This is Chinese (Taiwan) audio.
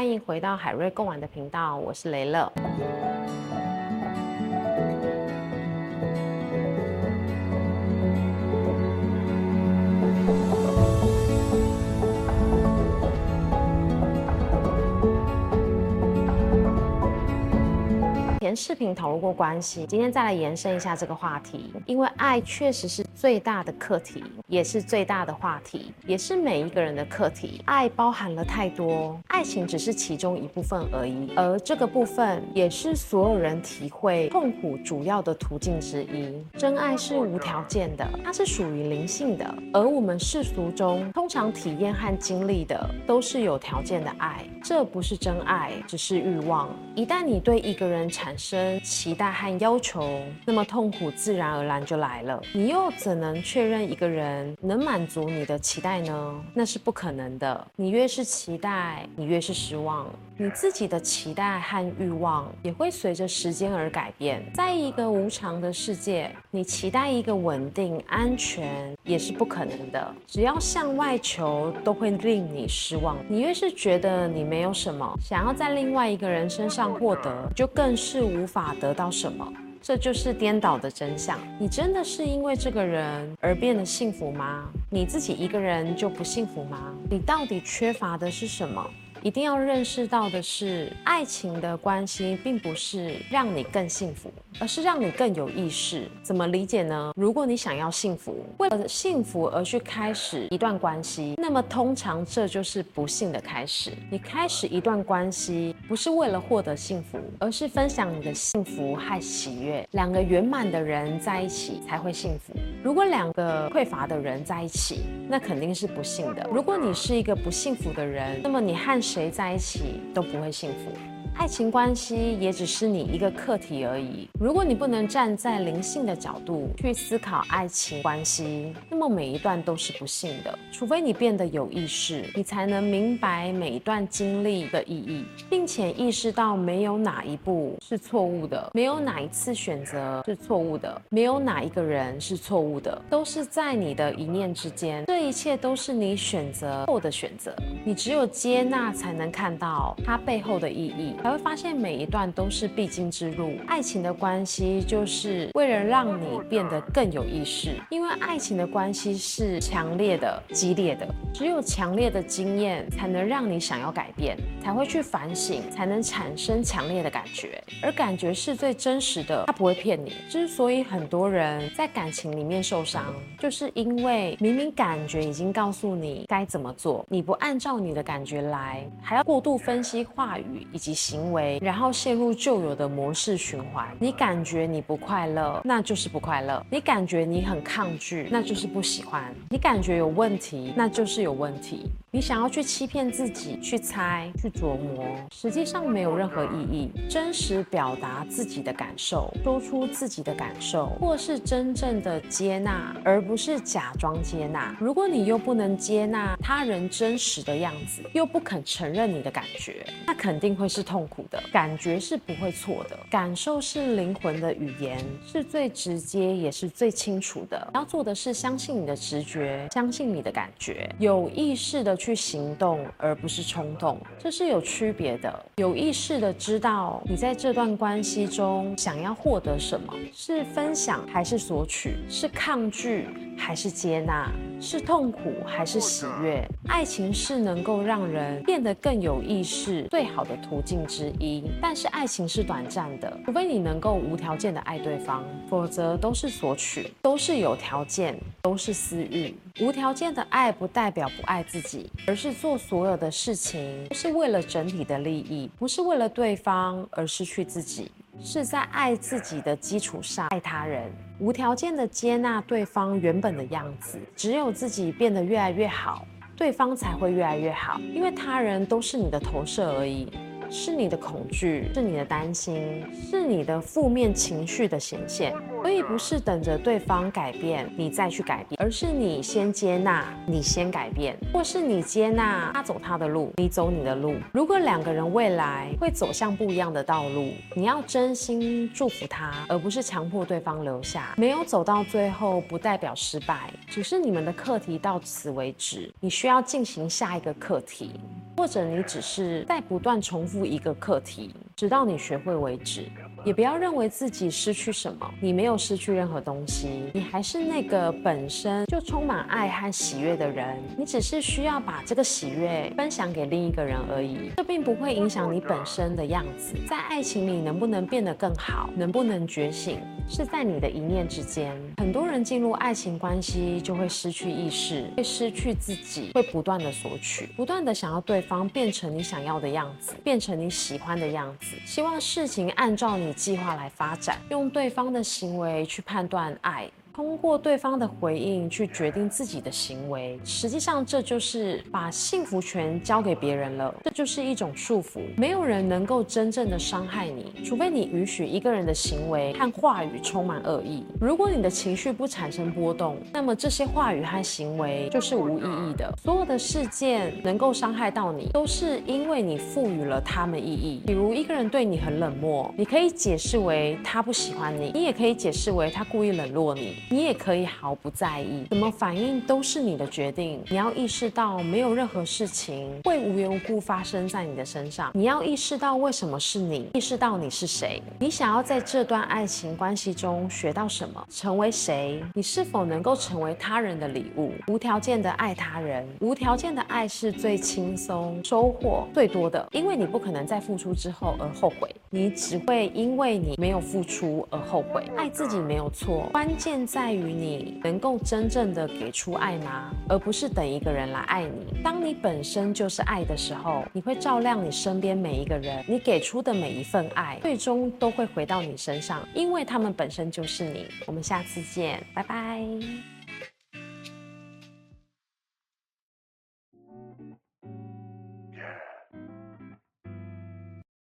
歡迎回到海睿共玩的頻道，我是雷樂。前視頻討論過關係，今天再來延伸一下這個話題，因為愛確實是最大的課題，也是最大的話題，也是每一個人的課題。愛包含了太多，愛情只是其中一部分而已，而這個部分也是所有人體會痛苦主要的途徑之一。真愛是無條件的，它是屬於靈性的，而我們世俗中通常體驗和經歷的都是有條件的愛，這不是真愛，只是欲望。一旦你對一個人產生期待和要求，那麼痛苦自然而然就來了。你又怎可能確認一個人能滿足你的期待呢？那是不可能的。你越是期待，你越是失望。你自己的期待和欲望也會隨着時間而改變。在一個無常的世界，你期待一個穩定、安全也是不可能的。只要向外求，都會令你失望。你越是覺得你沒有什麼，想要在另外一個人身上獲得，就更是無法得到什麼。這就是顛倒的真相。你真的是因為這個人而變得幸福嗎？你自己一個人就不幸福嗎？你到底缺乏的是什麼？一定要認識到的是，愛情的關係並不是讓你更幸福，而是讓你更有意識。怎麼理解呢？如果你想要幸福，為了幸福而去開始一段關係，那麼通常這就是不幸的開始。你開始一段關係不是為了獲得幸福，而是分享你的幸福和喜悅。兩個圓滿的人在一起才會幸福。如果兩個匱乏的人在一起，那肯定是不幸的。如果你是一個不幸福的人，那麼你和誰在一起都不會幸福。愛情關係也只是你一個課題而已。如果你不能站在靈性的角度去思考愛情關係，那麼每一段都是不幸的。除非你變得有意識，你才能明白每一段經歷的意義，並且意識到沒有哪一步是錯誤的，沒有哪一次選擇是錯誤的，沒有哪一個人是錯誤的，都是在你的一念之間。這一切都是你選擇後的選擇，你只有接納，才能看到它背後的意義。才會發現每一段都是必經之路，愛情的關係就是為了讓你變得更有意識，因為愛情的關係是強烈的、激烈的，只有強烈的經驗才能讓你想要改變，才會去反省，才能產生強烈的感覺，而感覺是最真實的，它不會騙你。之所以很多人在感情裡面受傷，就是因為明明感覺已經告訴你該怎麼做，你不按照你的感覺來，還要過度分析話語以及行為，然後陷入舊有的模式循環。你感覺你不快樂，那就是不快樂；你感覺你很抗拒，那就是不喜歡；你感覺有問題，那就是有問題。你想要去欺騙自己，去猜，去琢磨，實際上沒有任何意義。真實表達自己的感受，說出自己的感受，或是真正的接納，而不是假裝接納。如果你又不能接納他人真實的樣子，又不肯承認你的感覺，那肯定會是痛苦的。感覺是不會錯的。感受是靈魂的語言，是最直接也是最清楚的。要做的是相信你的直覺，相信你的感覺，有意識的。去行動，而不是衝動，這是有區別的。有意識的知道你在這段關係中想要獲得什麼，是分享還是索取，是抗拒，還是接納，是痛苦還是喜悅？愛情是能夠讓人變得更有意識最好的途徑之一，但是愛情是短暫的，除非你能夠無條件的愛對方，否則都是索取，都是有條件，都是私欲。無條件的愛不代表不愛自己，而是做所有的事情都是為了整體的利益，不是為了對方而失去自己。是在愛自己的基礎上愛他人，無條件的接納對方原本的樣子。只有自己變得越來越好，對方才會越來越好。因為他人都是你的投射而已。是你的恐懼，是你的擔心，是你的負面情緒的顯現。所以不是等着對方改變你再去改變，而是你先接納，你先改變，或是你接納他走他的路，你走你的路。如果兩個人未來會走向不一樣的道路，你要真心祝福他，而不是強迫對方留下。沒有走到最後不代表失敗，只是你們的課題到此為止。你需要進行下一個課題。或者你只是在不斷重複一個課題，直到你學會為止。也不要認為自己失去什麼，你沒有失去任何東西，你還是那個本身就充滿愛和喜悅的人，你只是需要把這個喜悅分享給另一個人而已，這並不會影響你本身的樣子。在愛情裡能不能變得更好，能不能覺醒，是在你的一念之間。很多人進入愛情關係就會失去意識，會失去自己，會不斷的索取，不斷的想要對方變成你想要的樣子，變成你喜歡的樣子，希望事情按照你計劃來發展，用對方的行為去判斷愛。通過對方的回應去決定自己的行為，實際上這就是把幸福權交給別人了，這就是一種束縛。沒有人能夠真正的傷害你，除非你允許一個人的行為和話語充滿惡意。如果你的情緒不產生波動，那麼這些話語和行為就是無意義的。所有的事件能夠傷害到你，都是因為你賦予了他們意義。比如一個人對你很冷漠，你可以解釋為他不喜歡你，你也可以解釋為他故意冷落你。你也可以毫不在意，怎麼反應都是你的決定。你要意識到沒有任何事情會無緣無故發生在你的身上。你要意識到為什麼是你，意識到你是誰。你想要在這段愛情關係中學到什麼，成為誰？你是否能夠成為他人的禮物？無條件的愛他人，無條件的愛是最輕鬆、收穫最多的，因為你不可能在付出之後而後悔，你只會因為你沒有付出而後悔。愛自己沒有錯，關鍵在在於你能夠真正的給出愛嗎？而不是等一個人來愛你。當你本身就是愛的時候，你會照亮你身邊每一個人。你給出的每一份愛，最終都會回到你身上，因為他們本身就是你。我們下次見，拜拜。